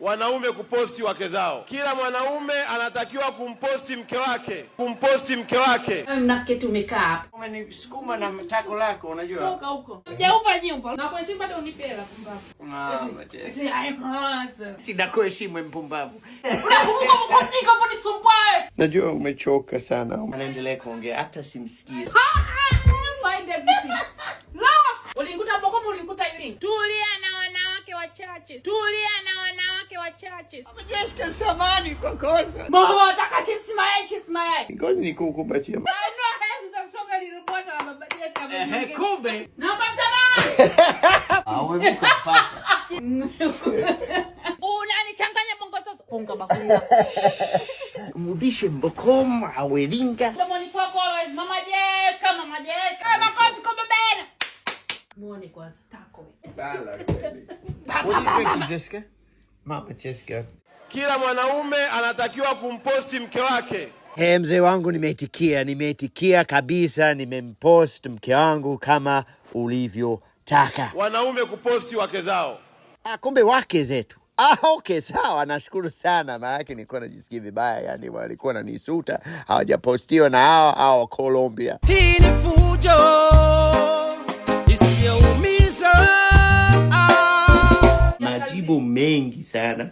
wanaume kuposti wake zao. Kila mwanaume anatakiwa kumposti mke wake, kumposti mke wake. Mnafiki tu umekaa hapa, umenisukuma na mtako lako. Unajua toka huko, mjaupa nyumba na kuheshimu, bado unipe hela pumbavu. Sina kuheshimu mpumbavu. Unakumbuka mkotiko hapo nisumbua wewe. Najua umechoka sana, anaendelea kuongea hata simsikie. Ah, ah, ah, find everything. La, ulikuta hapo kama ulikuta ili. tuli wachache, tulia na wanawake wachache. Jessica, samani kwa kosa. Mama nataka chips mayai, chips mayai. Ngoja nikukupatia. Ndio hemza kumbe. Naomba samani. Awe mkapata. Unanichanganya bongo sasa. Punga bakula. Mrudishe Mbokom ni kwa kwa always Mama Jessica, Mama Jessica. kwa baba Muone kwanza. Mama Kila mwanaume anatakiwa kumposti mke wake. Hey, mzee wangu, nimeitikia, nimeitikia kabisa, nimempost mke wangu kama ulivyotaka. Wanaume kuposti wake zao. Ah, kumbe wake zetu. Ah, okay, sawa, nashukuru sana, manake nilikuwa najisikia vibaya, yani walikuwa nanisuta hawajapostiwa na hawa hawa Colombia. Hii ni fujo. Meng, Serna.